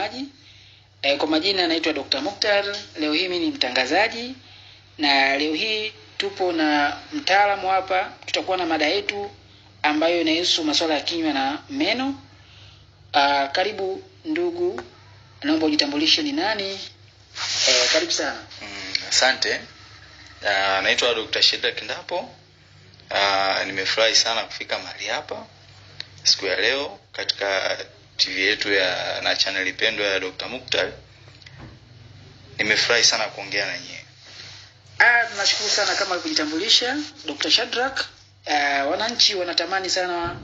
mtazamaji. E, eh, kwa majina anaitwa Dr. Mukhtar. Leo hii mi ni mtangazaji na leo hii tupo na mtaalamu hapa. Tutakuwa na mada yetu ambayo inahusu masuala ya kinywa na meno. A, ah, karibu ndugu, naomba ujitambulishe ni nani? E, karibu sana. Mm, asante. Mm, Uh, Dr. Shedrack kindapo ah, nimefurahi sana kufika mahali hapa siku ya leo katika TV yetu ya na channel ipendwa ya Dr. Mukhtar. Nimefurahi sana kuongea na nyie. Ah, tunashukuru sana kama kujitambulisha Dr. Shadrack. Ah, wananchi wanatamani sana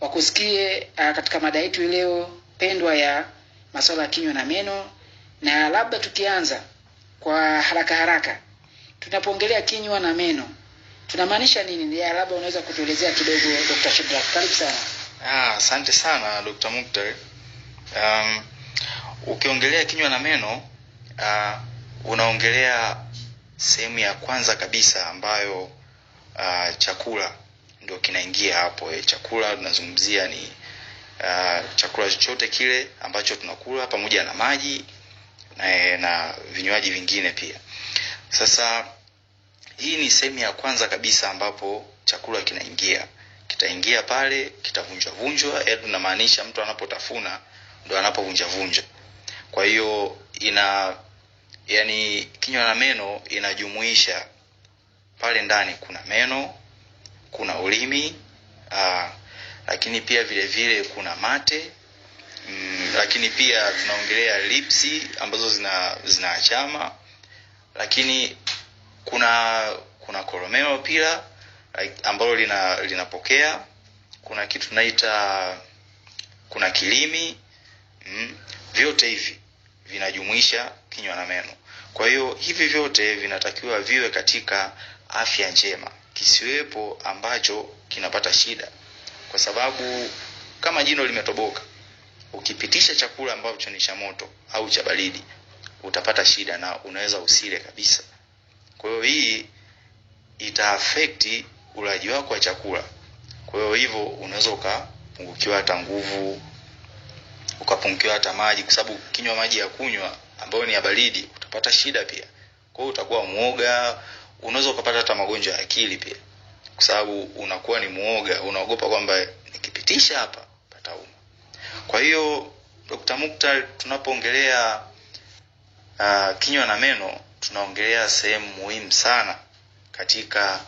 wakusikie ah, katika mada yetu leo pendwa ya masuala ya kinywa na meno, na labda tukianza kwa haraka haraka, tunapoongelea kinywa na meno tunamaanisha nini? Labda unaweza kutuelezea kidogo Dr. Shadrack. Karibu sana. Ah, asante ah, sana Dr. Mukhtar. Um, ukiongelea kinywa na meno uh, unaongelea sehemu ya kwanza kabisa ambayo uh, chakula ndio kinaingia hapo. E, chakula tunazungumzia ni uh, chakula chochote kile ambacho tunakula pamoja na maji na, eh, na vinywaji vingine pia. Sasa hii ni sehemu ya kwanza kabisa ambapo chakula kinaingia kitaingia pale kitavunjwa vunjwa, yaani namaanisha mtu anapotafuna ndo anapovunja vunja. Kwa hiyo ina yani, kinywa na meno inajumuisha pale ndani kuna meno, kuna ulimi aa, lakini pia vile vile kuna mate mm, lakini pia tunaongelea lipsi ambazo zina zinaachama, lakini kuna kuna koromeo pia ambalo lina linapokea, kuna kitu tunaita kuna kilimi mm, vyote hivi vinajumuisha kinywa na meno. Kwa hiyo hivi vyote vinatakiwa viwe katika afya njema, kisiwepo ambacho kinapata shida, kwa sababu kama jino limetoboka, ukipitisha chakula ambacho ni cha moto au cha baridi utapata shida na unaweza usile kabisa. Kwa hiyo hii ita ulaji wako wa chakula. Kwa hiyo hivyo unaweza ukapungukiwa hata nguvu, ukapungukiwa hata maji, kwa sababu kinywa maji ya kunywa ambayo ni ya baridi utapata shida pia. Kwa hiyo utakuwa muoga, unaweza ukapata hata magonjwa ya akili pia, kwa sababu unakuwa ni muoga, unaogopa kwamba nikipitisha hapa patauma. Kwa hiyo Dr. Mukhtar, tunapoongelea uh, kinywa na meno tunaongelea sehemu muhimu sana katika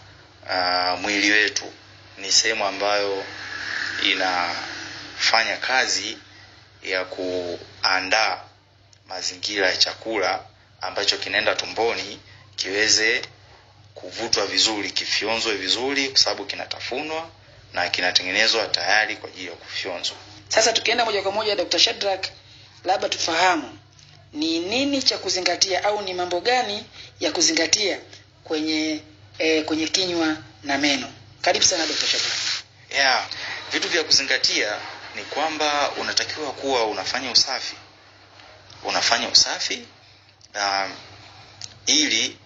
Ah, mwili wetu ni sehemu ambayo inafanya kazi ya kuandaa mazingira ya chakula ambacho kinaenda tumboni kiweze kuvutwa vizuri, kifyonzwe vizuri, kwa sababu kinatafunwa na kinatengenezwa tayari kwa ajili ya kufyonzwa. Sasa tukienda moja kwa moja, Dr. Shadrack, labda tufahamu ni nini cha kuzingatia au ni mambo gani ya kuzingatia kwenye eh, kwenye kinywa na meno. Karibu sana Dr. Shabani. Yeah, vitu vya kuzingatia ni kwamba unatakiwa kuwa unafanya usafi, unafanya usafi um, ili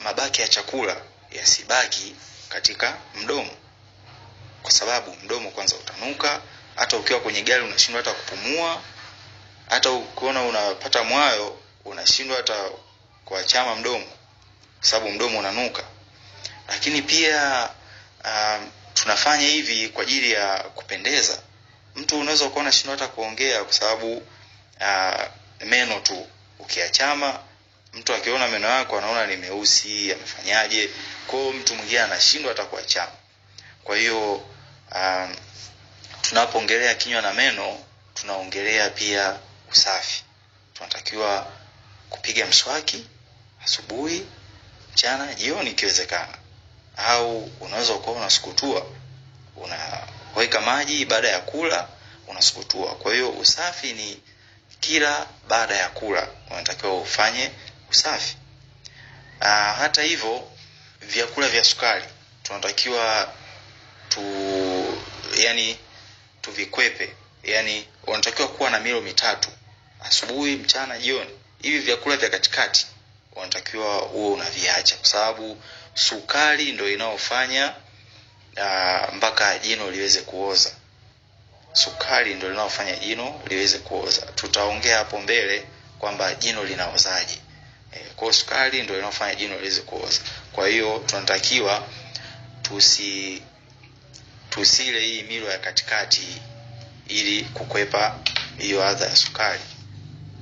mabaki ya chakula yasibaki katika mdomo, kwa sababu mdomo kwanza utanuka. Hata ukiwa kwenye gari unashindwa hata kupumua, hata ukiona unapata mwayo unashindwa hata kuachama mdomo, kwa sababu mdomo unanuka lakini pia uh, tunafanya hivi kwa ajili ya kupendeza mtu. Unaweza ukawa unashindwa hata kuongea kwa sababu uh, meno tu ukiachama, mtu akiona meno yako anaona ni meusi, amefanyaje? Kwao mtu mwingine anashindwa hata kuachama. Kwa hiyo uh, tunapoongelea kinywa na meno, tunaongelea pia usafi. Tunatakiwa kupiga mswaki asubuhi, mchana, jioni ikiwezekana au unaweza ukawa unasukutua, unaweka maji baada ya kula unasukutua. Kwa hiyo usafi ni kila baada ya kula unatakiwa ufanye usafi. Aa, ah, hata hivyo vyakula vya sukari tunatakiwa tu yani tuvikwepe, yani unatakiwa kuwa na milo mitatu asubuhi, mchana, jioni. Hivi vyakula vya katikati unatakiwa uwe unaviacha kwa sababu sukari ndo inayofanya ah, mpaka jino liweze kuoza. Sukari ndo linaofanya jino liweze kuoza. Tutaongea hapo mbele kwamba jino linaozaje. E, kwa sukari ndo inayofanya jino liweze kuoza. Kwa hiyo tunatakiwa tusi tusile hii milo ya katikati ili kukwepa hiyo adha ya sukari.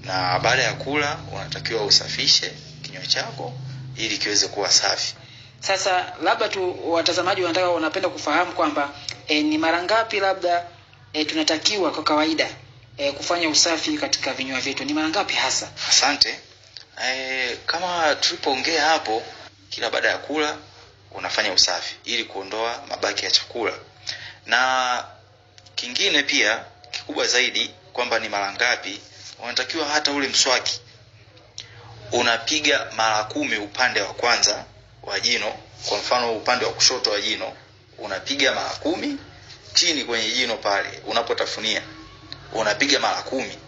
Na baada ya kula unatakiwa usafishe kinywa chako ili kiweze kuwa safi. Sasa labda tu watazamaji wanataka wanapenda kufahamu kwamba e, ni mara ngapi labda e, tunatakiwa kwa kawaida e, kufanya usafi katika vinywa vyetu ni mara ngapi hasa? Asante. E, kama tulipoongea hapo, kila baada ya kula unafanya usafi ili kuondoa mabaki ya chakula, na kingine pia kikubwa zaidi kwamba ni mara ngapi unatakiwa, hata ule mswaki unapiga mara kumi upande wa kwanza wa jino, kwa mfano upande wa kushoto wa jino unapiga mara kumi, chini kwenye jino pale unapotafunia unapiga mara kumi,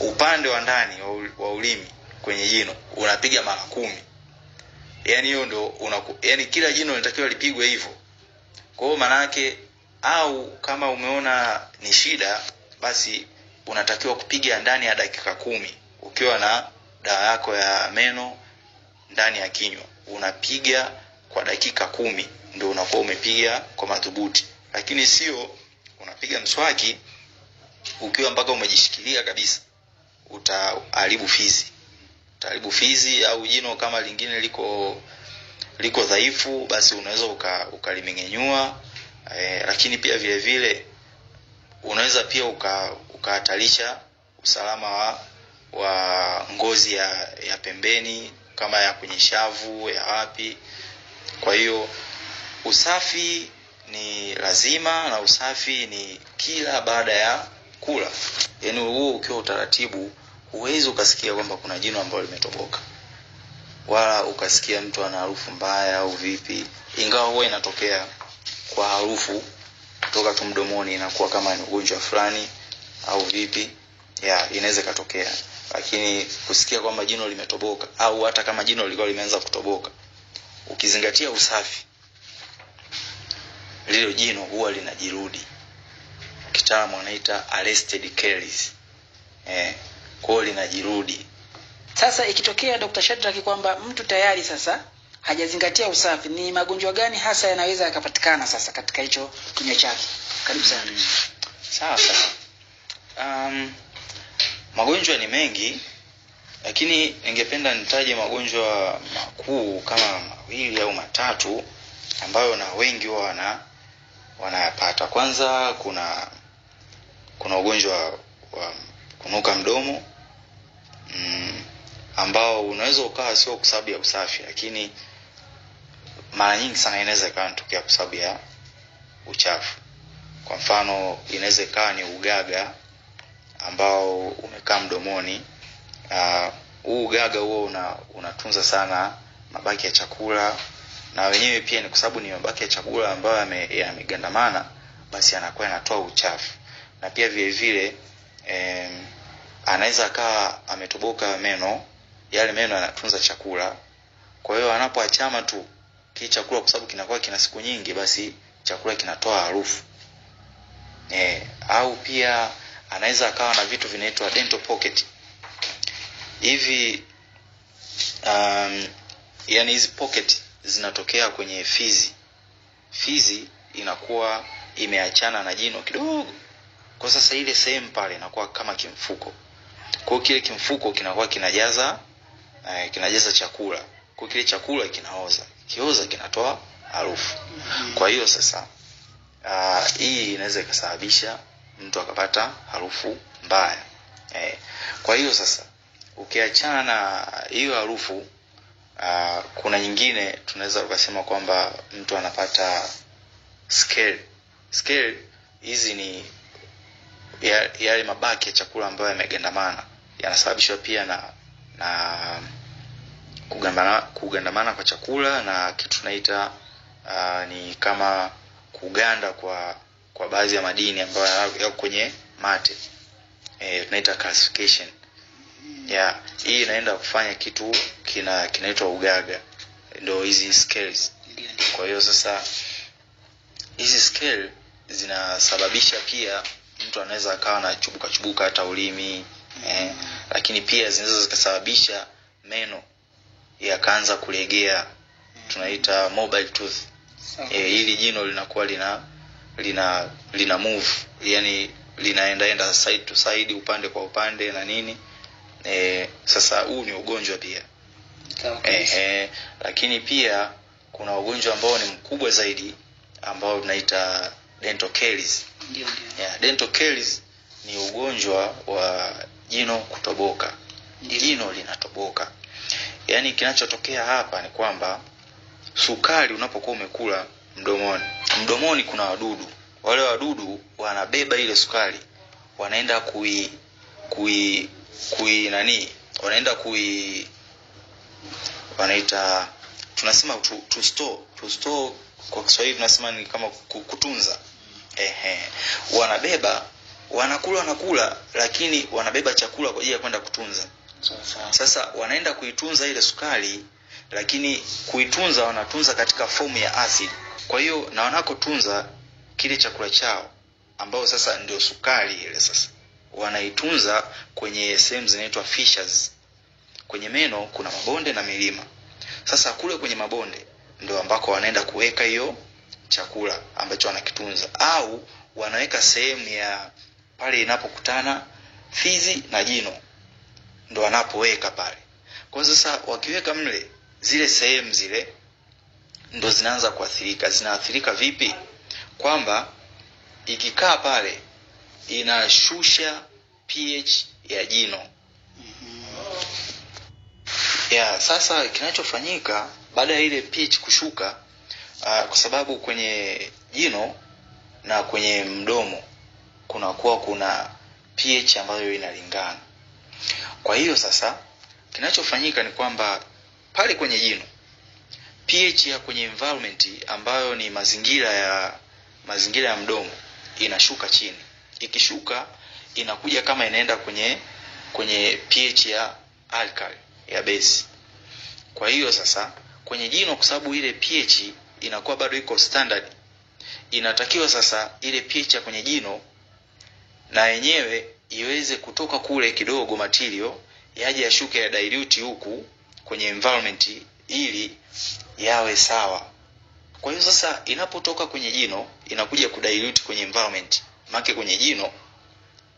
upande wa ndani wa ulimi kwenye jino unapiga mara kumi. Yani hiyo ndo yani kila jino linatakiwa lipigwe hivyo. Kwa hiyo maana au kama umeona ni shida, basi unatakiwa kupiga ndani ya dakika kumi ukiwa na dawa yako ya meno ndani ya kinywa unapiga kwa dakika kumi ndio unakuwa umepiga kwa madhubuti, lakini sio unapiga mswaki ukiwa mpaka umejishikilia kabisa, utaharibu fizi, utaharibu fizi au jino kama lingine liko liko dhaifu, basi unaweza ukalimengenyua uka eh, e, lakini pia vile vile unaweza pia ukahatarisha uka usalama wa, wa ngozi ya, ya pembeni kama ya kwenye shavu ya wapi. Kwa hiyo usafi ni lazima, na usafi ni kila baada ya kula. Yaani huo ukiwa utaratibu, huwezi ukasikia kwamba kuna jino ambalo limetoboka, wala ukasikia mtu ana harufu mbaya au vipi, ingawa huwa inatokea kwa harufu kutoka tu mdomoni, inakuwa kama ni ugonjwa fulani au vipi, ya inaweza ikatokea lakini kusikia kwamba jino limetoboka au hata kama jino lilikuwa limeanza kutoboka ukizingatia usafi lilo jino huwa linajirudi kitaalamu anaita arrested caries eh, kwao linajirudi sasa ikitokea dr shadrack kwamba mtu tayari sasa hajazingatia usafi ni magonjwa gani hasa yanaweza yakapatikana sasa katika hicho kinywa chake karibu sana mm. sawa sawa um, Magonjwa ni mengi, lakini ningependa nitaje magonjwa makuu kama mawili au matatu ambayo na wengi huwa wana wanayapata. Kwanza kuna kuna ugonjwa wa kunuka mdomo mm, ambao unaweza ukawa sio kwa sababu ya usafi, lakini mara nyingi sana inaweza ikawa inatokea kwa sababu ya uchafu. Kwa mfano, inaweza ikawa ni ugaga ambao umekaa mdomoni. Ah, huu uh, ugaga huo una, unatunza sana mabaki ya chakula, na wenyewe pia ni kwa sababu ni mabaki ya chakula ambayo yamegandamana, yame basi anakuwa anatoa uchafu, na pia vile vile eh, anaweza akawa ametoboka meno, yale meno yanatunza chakula. Kwa hiyo anapoachama tu kile chakula, kwa sababu kinakuwa kina siku nyingi, basi chakula kinatoa harufu eh, au pia anaweza akawa na vitu vinaitwa dental pocket hivi um, yani hizi pocket zinatokea kwenye fizi fizi inakuwa imeachana na jino kidogo kwa sasa ile sehemu pale inakuwa kama kimfuko kwa kile kimfuko kinakuwa kinajaza eh, kinajaza chakula kwa kile chakula kinaoza kioza kinatoa harufu kwa hiyo sasa uh, hii inaweza ikasababisha mtu akapata harufu mbaya e. Kwa hiyo sasa ukiachana na hiyo harufu uh, kuna nyingine tunaweza tukasema kwamba mtu anapata scale. Scale hizi ni yale mabaki ya chakula ambayo yamegandamana, yanasababishwa pia na na kugandamana, kugandamana kwa chakula na kitu tunaita uh, ni kama kuganda kwa kwa baadhi ya madini ambayo yako kwenye mate e, tunaita calcification ya hii inaenda kufanya kitu kina kinaitwa ugaga, ndio hizi scales. Kwa hiyo sasa hizi scale zinasababisha pia mtu anaweza akawa na chubuka chubuka hata ulimi eh, lakini pia zinaweza zikasababisha meno yakaanza kulegea, tunaita mobile tooth eh, hili jino linakuwa lina lina lina move yani linaendaenda side to side, upande kwa upande na nini e, sasa huu ni ugonjwa pia e, e, lakini pia kuna ugonjwa ambao ni mkubwa zaidi ambao tunaita dental caries. Ndio, Yeah, dental caries ni ugonjwa wa jino kutoboka. ndiyo. Jino linatoboka. Yaani kinachotokea hapa ni kwamba sukari unapokuwa umekula mdomoni mdomoni kuna wadudu, wale wadudu wanabeba ile sukari, wanaenda kui kui kui nani, wanaenda kui wanaita tunasema to, to store to store kwa Kiswahili tunasema ni kama kutunza. Ehe, wanabeba wanakula wanakula, lakini wanabeba chakula kwa ajili ya kwenda kutunza. Sasa wanaenda kuitunza ile sukari, lakini kuitunza wanatunza katika fomu ya asidi kwa hiyo na wanakotunza kile chakula chao ambao sasa ndio sukari ile sasa wanaitunza kwenye sehemu zinaitwa fishes Kwenye meno kuna mabonde na milima. Sasa kule kwenye mabonde ndio ambako wanaenda kuweka hiyo chakula ambacho wanakitunza, au wanaweka sehemu ya pale inapokutana fizi na jino, ndo wanapoweka pale. Kwa sasa wakiweka mle zile sehemu zile ndo zinaanza kuathirika. Zinaathirika vipi? Kwamba ikikaa pale inashusha pH ya jino mm-hmm. ya sasa. Kinachofanyika baada ya ile pH kushuka, ah, kwa sababu kwenye jino na kwenye mdomo kunakuwa kuna pH ambayo inalingana. Kwa hiyo sasa kinachofanyika ni kwamba pale kwenye jino pH ya kwenye environment ambayo ni mazingira ya mazingira ya mdomo inashuka chini. Ikishuka inakuja kama inaenda kwenye kwenye pH ya alkali ya base. Kwa hiyo sasa kwenye jino, kwa sababu ile pH inakuwa bado iko standard, inatakiwa sasa ile pH ya kwenye jino na yenyewe iweze kutoka kule kidogo material yaje yashuke ya dilute huku kwenye environment ili yawe sawa. Kwa hiyo sasa, inapotoka kwenye jino inakuja kudilute kwenye environment, maana kwenye jino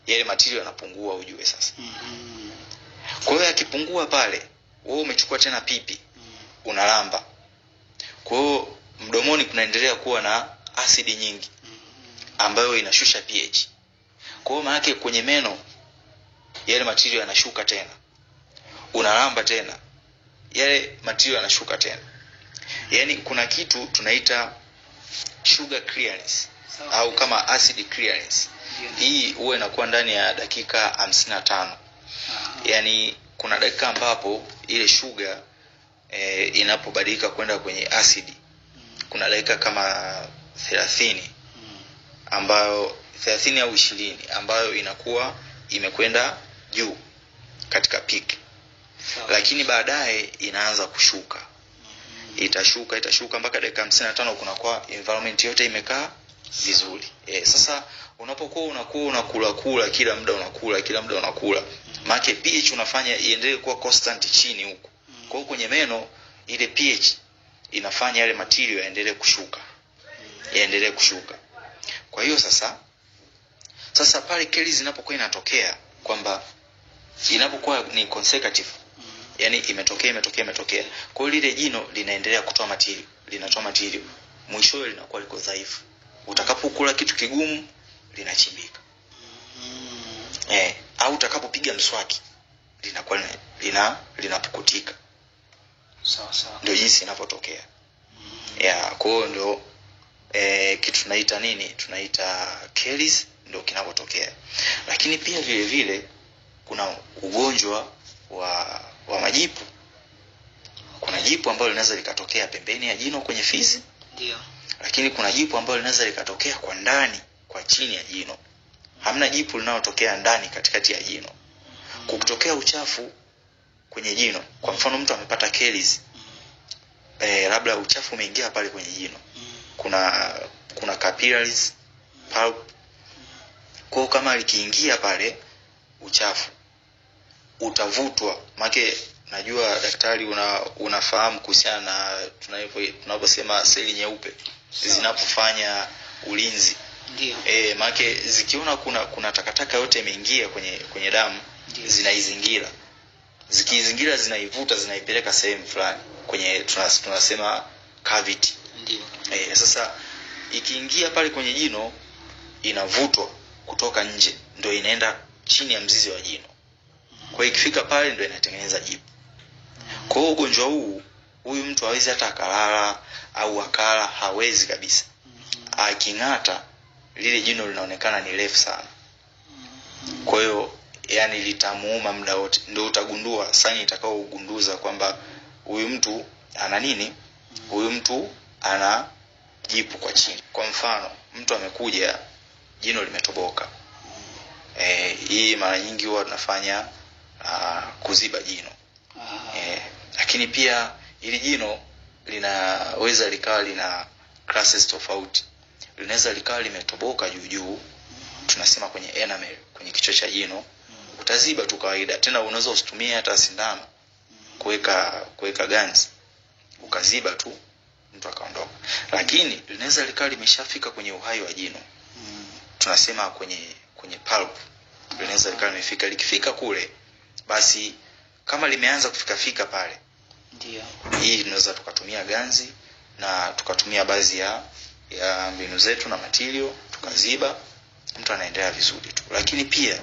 yale material yanapungua, ujue sasa. Mm-hmm. Kwa hiyo yakipungua pale, wewe umechukua tena pipi, mm-hmm. unalamba. Kwa hiyo mdomoni kunaendelea kuwa na asidi nyingi mm-hmm. ambayo inashusha pH. Kwa hiyo maana kwenye meno yale material yanashuka tena, unalamba tena, yale material yanashuka tena yani kuna kitu tunaita sugar clearance Sawa. au kama acid clearance yeah. Hii huwa inakuwa ndani ya dakika hamsini na tano yani kuna dakika ambapo ile sugar e, inapobadilika kwenda kwenye asidi mm. kuna dakika kama thelathini mm. ambayo thelathini au ishirini ambayo inakuwa imekwenda juu katika peak, lakini baadaye inaanza kushuka itashuka itashuka mpaka dakika 55 kuna kwa environment yote imekaa vizuri e, sasa unapokuwa unakula unakula kula kila muda unakula kila muda unakula Make pH unafanya iendelee kuwa constant chini huko kwa hiyo kwenye meno ile pH inafanya yale material yaendelee kushuka yaendelee kushuka kwa hiyo sasa sasa pale keli zinapokuwa inatokea kwamba inapokuwa ni consecutive yani imetokea imetokea imetokea. Kwa lile jino linaendelea kutoa matirio, linatoa matirio, mwishowe linakuwa liko dhaifu. Utakapokula kitu kigumu linachimbika mm. eh, au utakapopiga mswaki linakuwa lina linapukutika. Sawa sawa, ndio jinsi inapotokea mm. Mm-hmm. ya. Kwa hiyo ndio eh, kitu tunaita nini, tunaita kelis ndio kinapotokea Lakini pia vile vile kuna ugonjwa wa wa majipu kuna jipu ambalo linaweza likatokea pembeni ya jino kwenye fizi ndio lakini kuna jipu ambalo linaweza likatokea kwa ndani kwa chini ya jino hamna jipu linalotokea ndani katikati ya jino mm-hmm. kutokea uchafu kwenye jino kwa mfano mtu amepata kelis e, labda uchafu umeingia pale kwenye jino mm-hmm. kuna kuna capillaries pulp kwao kama likiingia pale uchafu utavutwa make najua daktari una, unafahamu kuhusiana na tunavyosema seli nyeupe zinapofanya ulinzi E, make zikiona kuna kuna takataka yote imeingia kwenye kwenye damu zinaizingira zikiizingira zinaivuta zinaipeleka sehemu fulani kwenye tunas, tunasema cavity E, sasa ikiingia pale kwenye jino inavutwa kutoka nje ndio inaenda chini ya mzizi wa jino kwa ikifika pale ndio inatengeneza jipu. Kwa hiyo ugonjwa huu huyu mtu hawezi hata akalala au akala, hawezi kabisa. Aking'ata lile jino linaonekana ni refu sana, kwa hiyo yani litamuuma muda wote. Ndio utagundua saini itakao ugunduza kwamba huyu mtu ana nini, huyu mtu ana jipu kwa chini. Kwa mfano mtu amekuja jino limetoboka, eh, hii mara nyingi huwa tunafanya Uh, kuziba jino ah. e, lakini pia ili jino linaweza likawa lina classes tofauti, linaweza likawa limetoboka juu juu, mm-hmm. tunasema kwenye enamel, kwenye kichwa cha jino. Mm-hmm. Utaziba tu kawaida, tena unaweza usitumie hata sindano mm-hmm. kuweka kuweka gans ukaziba tu mtu akaondoka. Lakini linaweza likawa limeshafika kwenye uhai wa jino, tunasema kwenye kwenye pulp, linaweza likawa limefika. Likifika kule basi kama limeanza kufikafika pale, ndio hii tunaweza tukatumia ganzi na tukatumia baadhi ya, ya mbinu zetu na matilio tukaziba, mtu anaendelea vizuri tu. Lakini pia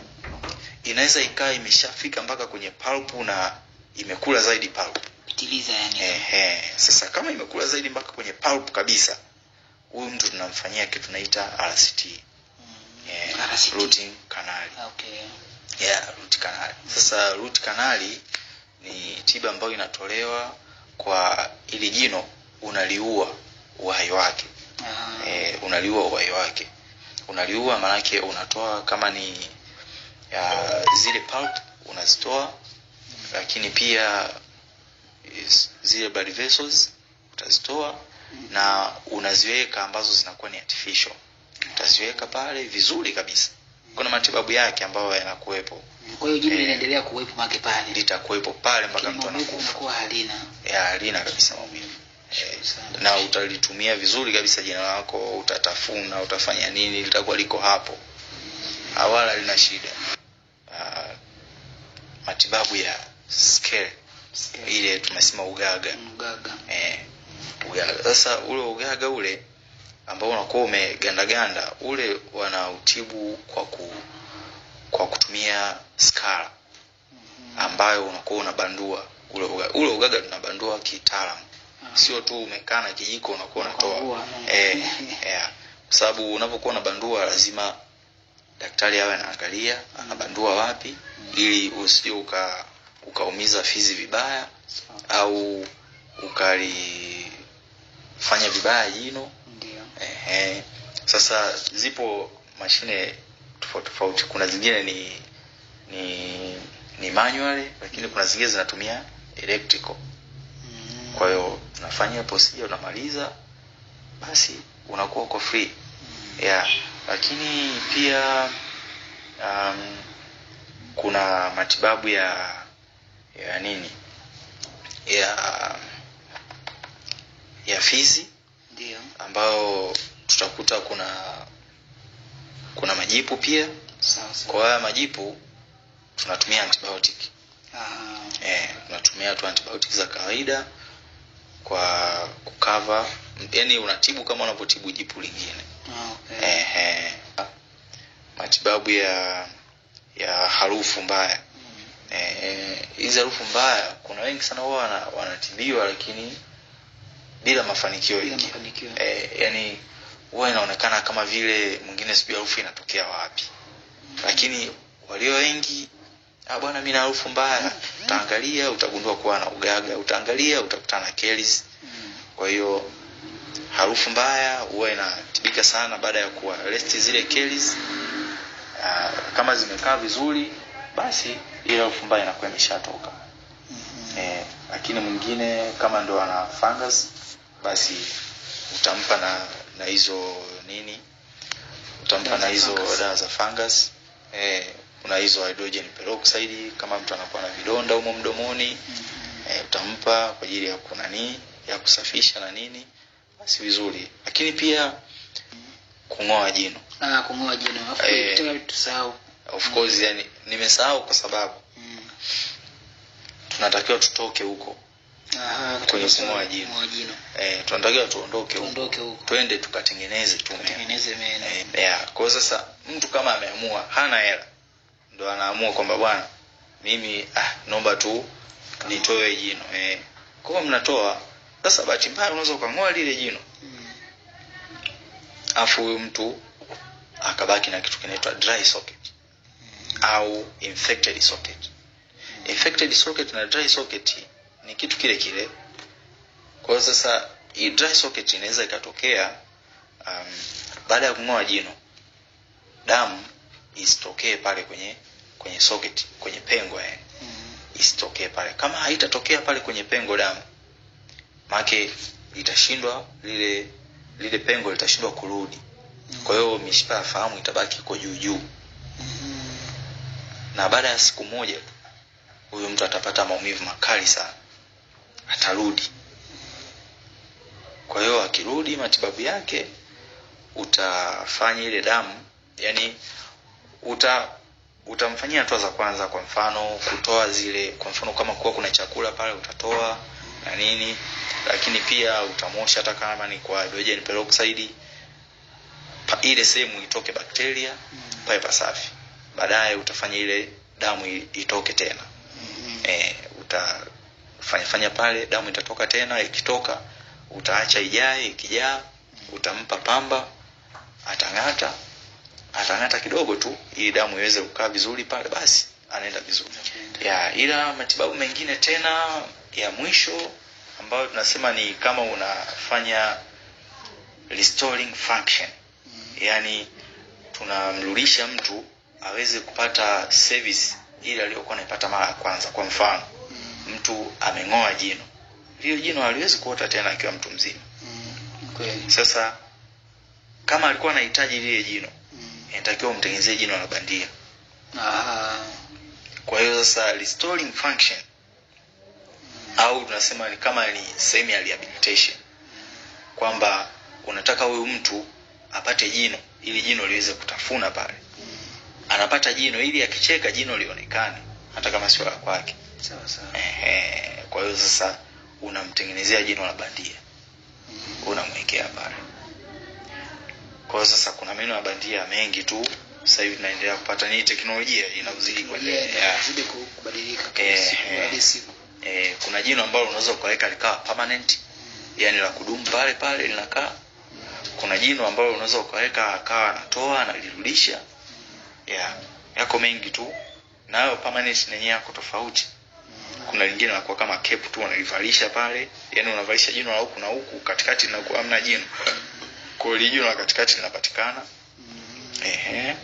inaweza ikaa imeshafika mpaka kwenye pulp na imekula zaidi pulp kupitiliza yani. Ehe. Sasa kama imekula zaidi mpaka kwenye pulp kabisa, huyu mtu tunamfanyia kitu tunaita RCT. Mm. e, eh, RCT. Routing canal. Ah, okay ya root canal. Sasa root canal ni tiba ambayo inatolewa kwa ili jino unaliua uhai wake. Ah. E, unaliua uhai wake. Unaliua maanake unatoa kama ni ya, zile pulp unazitoa mm. lakini pia is, zile blood vessels utazitoa mm. na unaziweka ambazo zinakuwa ni artificial ah. utaziweka pale vizuri kabisa kuna matibabu yake ambayo yanakuwepo. Kwa hiyo jini eh, linaendelea kuwepo mpaka pale, litakuwepo pale mpaka mtu anakufa, halina ya halina kabisa maumivu eh, e, na utalitumia vizuri kabisa jina lako, utatafuna, utafanya nini, litakuwa liko hapo awala lina shida uh, matibabu ya scale ile tumesema ugaga, ugaga. Eh, ugaga sasa ule ugaga ule ambao unakuwa umegandaganda ule wanautibu kwa ku, kwa kutumia skala mm-hmm. ambayo unakuwa unabandua ule ugaga. Ule ugaga tunabandua kitaalamu, ah. sio tu umekaa na kijiko unakuwa unatoa eh, yeah. kwa sababu unapokuwa unabandua lazima daktari awe anaangalia anabandua wapi, mm. ili usije uka ukaumiza fizi vibaya au ukalifanya vibaya jino eh. Sasa zipo mashine tofauti tofauti, kuna zingine ni ni ni manual, lakini kuna zingine zinatumia electrical. Mm. Kwa hiyo unafanya procedure unamaliza, basi unakuwa uko free mm. yeah. Lakini pia um, kuna matibabu ya ya nini ya ya fizi yeah. ambao tutakuta kuna kuna majipu pia. Kwa haya majipu tunatumia antibiotic. Ah. Eh, tunatumia tu antibiotic za kawaida kwa kukava, yani unatibu kama unavyotibu jipu lingine. Ah, okay. Eh, eh. Matibabu ya ya harufu mbaya hizi mm. Eh, harufu mbaya kuna wengi sana huwa wanatibiwa, lakini bila mafanikio mengi eh, yani huwa inaonekana kama vile mwingine sijui harufu inatokea wapi, lakini walio wengi ah, bwana, mimi na harufu mbaya. Utaangalia utagundua kuwa na ugaga, utaangalia utakutana na kelis mm. Kwa hiyo harufu mbaya huwa inatibika sana baada ya kuwa rest zile kelis Uh, ah, kama zimekaa vizuri, basi ile harufu mbaya inakuwa imeshatoka. Mm -hmm. Eh, lakini mwingine kama ndo ana fungus basi utampa na, na hizo nini utampa na hizo dawa za fungus eh, kuna hizo hydrogen peroxide kama mtu anakuwa na vidonda humo mdomoni mm -hmm. e, utampa kwa ajili ya kunani ya kusafisha na nini basi vizuri, lakini pia kung'oa jino ah, kung'oa jino e, afu tusahau of course mm. Yani nimesahau kwa sababu mm. tunatakiwa tutoke huko kwenye msimu wa jino eh, tunatakiwa tuondoke tuondoke huko, twende tukatengeneze tukatengeneze meno eh, yeah. Kwa sasa mtu kama ameamua hana hela, ndo anaamua kwamba bwana, mimi ah, naomba tu nitoe jino eh. Kwa mnatoa sasa, bahati mbaya unaweza ukang'oa lile jino mm. afu huyu mtu akabaki na kitu kinaitwa dry socket mm. au infected socket mm. infected socket na dry socket ni kitu kile kile. Kwa hiyo sasa hii dry socket inaweza ikatokea um, baada ya kung'oa jino damu isitokee pale kwenye kwenye socket kwenye pengo eh. Mm -hmm. Isitokee pale. Kama haitatokea pale kwenye pengo damu, maake itashindwa lile lile pengo litashindwa kurudi. Mm -hmm. Kwa hiyo mishipa ya fahamu itabaki iko juu juu. Mm -hmm. Na baada ya siku moja huyu mtu atapata maumivu makali sana atarudi. Kwa hiyo akirudi, matibabu yake utafanya ile damu, yani uta utamfanyia hatua za kwanza, kwa mfano kutoa zile, kwa mfano kama kuwa kuna chakula pale utatoa na nini, lakini pia utamosha hata kama ni kwa hydrogen peroxide pa ile sehemu itoke bakteria pale pasafi. Baadaye utafanya ile damu itoke tena. Mm -hmm. E, uta fanya fanya pale, damu itatoka tena. Ikitoka utaacha ijae, ikijaa utampa pamba, atang'ata atang'ata kidogo tu, ili damu iweze kukaa vizuri pale, basi anaenda vizuri ya. Ila matibabu mengine tena ya mwisho ambayo tunasema ni kama unafanya restoring function, yani tunamrudisha mtu aweze kupata service ile aliyokuwa anaipata mara ya kwanza. Kwa mfano mtu ameng'oa jino, hiyo jino haliwezi kuota tena akiwa mtu mzima. Mm, okay. Sasa kama alikuwa anahitaji lile jino mm, inatakiwa umtengenezee jino la bandia. Ah. Kwa hiyo sasa restoring function mm, au tunasema ni kama ni sehemu ya rehabilitation mm. kwamba unataka huyu mtu apate jino ili jino liweze kutafuna pale, mm. anapata jino ili akicheka jino lionekane hata kama sio la kwake. Sawa sawa. Ehe, kwa hiyo sasa unamtengenezea jino la bandia mhm. unamwekea pale. Kwa hiyo sasa kuna meno ya bandia mengi tu sasa hivi tunaendelea kupata ni teknolojia inazidi inazidi kubadilika hadi Eh, kuna jino ambalo unaweza ukaweka likawa permanent, mm. yani la kudumu pale pale linakaa. Kuna jino ambalo unaweza ukaweka akawa anatoa analirudisha. Mm. Yeah, yako mengi tu na hayo permanent yenyewe yako tofauti. Kuna lingine linakuwa kama cape tu wanalivalisha pale, yani unavalisha jino la huku na huku, katikati linakuwa hamna jino, kwa hiyo jino la katikati linapatikana. mm. Ehe,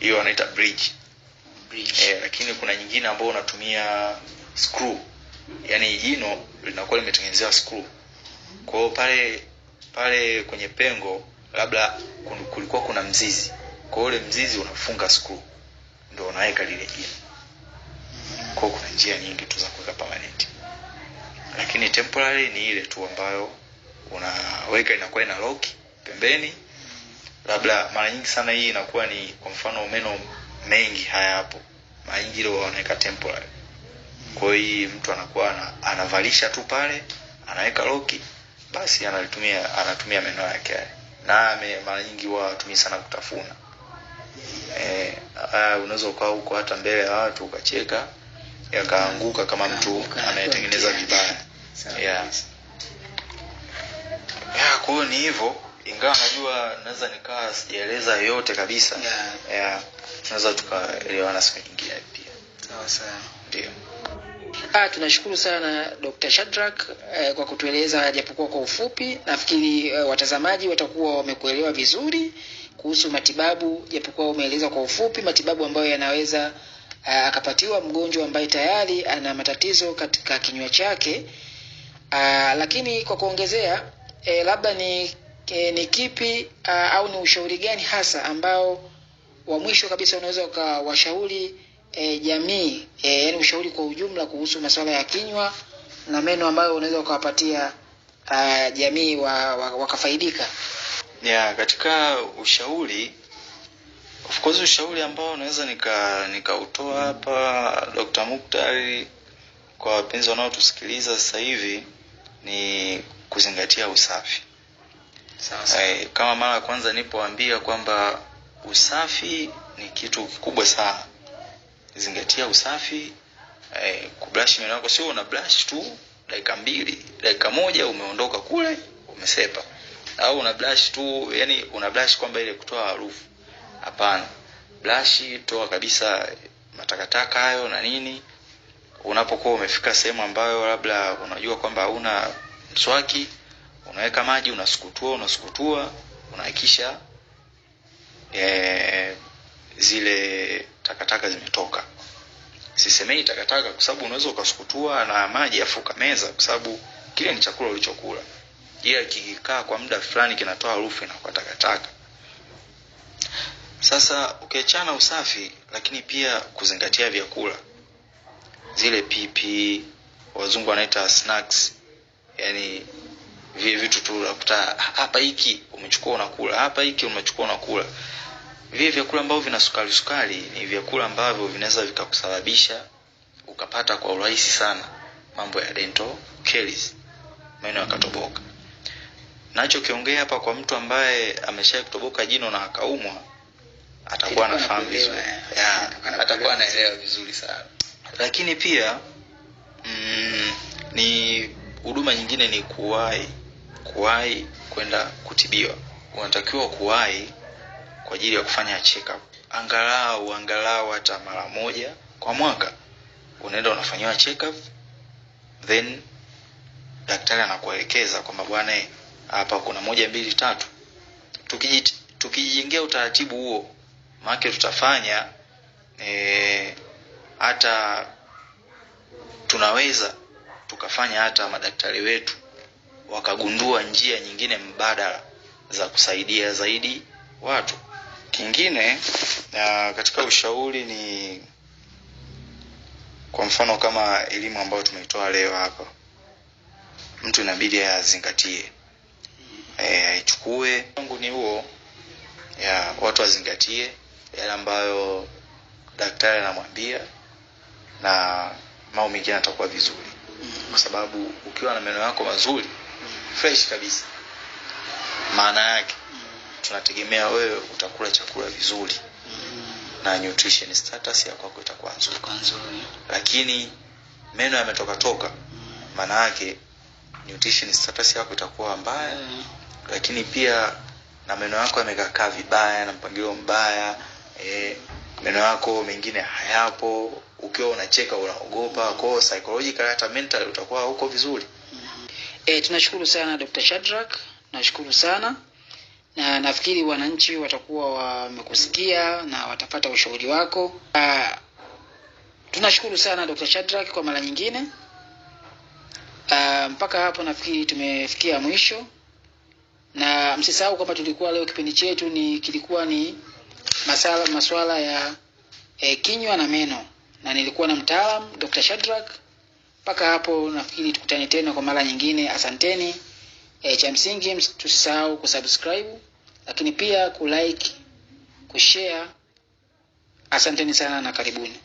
hiyo wanaita bridge bridge. e, lakini kuna nyingine ambayo unatumia screw, yani jino linakuwa limetengenezewa screw. Kwa hiyo pale pale kwenye pengo labda kulikuwa kuna mzizi, kwa hiyo ule mzizi unafunga screw ndio unaweka lile jino. Kwa kuna njia nyingi tu za kuweka permanent, lakini temporary ni ile tu ambayo unaweka inakuwa ina lock pembeni, labda mara nyingi sana hii inakuwa ni kwa mfano meno mengi hayapo, mara nyingi ile wanaweka temporary. Kwa hiyo mtu anakuwa ana, anavalisha tu pale, anaweka lock, basi analitumia anatumia meno yake na mara nyingi huwa watumii sana kutafuna. Eh, ah, unaweza ukawa huko hata mbele ya watu ukacheka yakaanguka kama mtu anayetengeneza vibaya yeah. yeah, kwa ni hivyo ingawa najua naweza nikaa sijaeleza yote kabisa yeah. yeah. tunaweza tukaelewana siku nyingine pia sawa sawa ndio Ah, tunashukuru sana Dr. Shadrack eh, kwa kutueleza japokuwa kwa ufupi. Nafikiri eh, watazamaji watakuwa wamekuelewa vizuri kuhusu matibabu, japokuwa umeeleza kwa ufupi matibabu ambayo yanaweza Eh, akapatiwa mgonjwa ambaye tayari ana matatizo katika kinywa chake. Aa, eh, lakini kwa kuongezea e, labda ni e, ni kipi a, au ni ushauri gani hasa ambao wa mwisho kabisa unaweza ukawashauri e, jamii e, yaani ushauri kwa ujumla kuhusu masuala ya kinywa na meno ambayo unaweza ukawapatia jamii wakafaidika? Yeah, katika ushauri Of course ushauri ambao naweza nika nikautoa hapa Dr. Muktari kwa wapenzi wanaotusikiliza sasa hivi ni kuzingatia usafi. Sasa eh, kama mara ya kwanza nipoambia kwamba usafi ni kitu kikubwa sana, zingatia usafi. Eh, kubrush meno yako, sio una brush tu dakika mbili, dakika moja umeondoka kule umesepa, au una brush tu, yani una brush kwamba ile kutoa harufu Hapana, blashi toa kabisa matakataka hayo na nini. Unapokuwa umefika sehemu ambayo labda unajua kwamba hauna mswaki, unaweka maji, unasukutua unasukutua, unahakikisha e, zile takataka zimetoka. Sisemei takataka, kwa sababu unaweza ukasukutua na maji afuka meza kwa sababu kile ni chakula ulichokula. Je, kikikaa kwa muda fulani kinatoa harufu inakuwa takataka. Sasa ukiachana usafi, lakini pia kuzingatia vyakula, zile pipi wazungu wanaita snacks, yani vile vitu tu unakuta hapa hiki umechukua unakula, hapa hiki umechukua unakula. Vile vyakula ambavyo vina sukari sukari ni vyakula ambavyo vinaweza vikakusababisha ukapata kwa urahisi sana mambo ya dental caries, meno yakatoboka. Nacho kiongea hapa kwa mtu ambaye ameshaye kutoboka jino na akaumwa atakuwa anafahamu vizuri, atakuwa anaelewa vizuri sana. Lakini pia mm, ni huduma nyingine ni kuwahi, kuwahi kwenda kutibiwa. Unatakiwa kuwahi kwa ajili ya kufanya check up, angalau angalau hata mara moja kwa mwaka unaenda unafanyiwa check up, then daktari anakuelekeza kwamba bwana, eh, hapa kuna moja mbili tatu. Tukijijengea utaratibu huo maanake tutafanya e, hata tunaweza tukafanya hata madaktari wetu wakagundua njia nyingine mbadala za kusaidia zaidi watu. Kingine katika ushauri ni kwa mfano kama elimu ambayo tumeitoa leo hapa, mtu inabidi azingatie, e, aichukue. E, ni huo ya watu wazingatie yale ambayo daktari anamwambia na, mao mambo mengine atakuwa vizuri, mm-hmm. kwa sababu ukiwa na meno yako mazuri fresh kabisa, maana yake mm-hmm. tunategemea wewe utakula chakula vizuri mm-hmm. na nutrition status ya kwako itakuwa nzuri, lakini meno yametoka toka, maana yake nutrition status yako itakuwa mbaya, lakini pia na meno yako yamekaa vibaya na mpangilio mbaya eh, meno yako mengine hayapo, ukiwa unacheka unaogopa, kwao psychological hata mental utakuwa huko vizuri. E, tunashukuru sana Dr. Shadrack, nashukuru sana na nafikiri wananchi watakuwa wamekusikia na watapata ushauri wako. Uh, tunashukuru sana Dr. Shadrack kwa mara nyingine. Uh, mpaka hapo nafikiri tumefikia mwisho, na msisahau kwamba tulikuwa leo kipindi chetu ni kilikuwa ni masala, masuala ya e, kinywa na meno, na nilikuwa na mtaalamu Dr. Shadrack. Mpaka hapo nafikiri tukutane tena kwa mara nyingine. Asanteni. E, cha msingi tusisahau kusubscribe, lakini pia kulike, kushare. Asanteni sana na karibuni.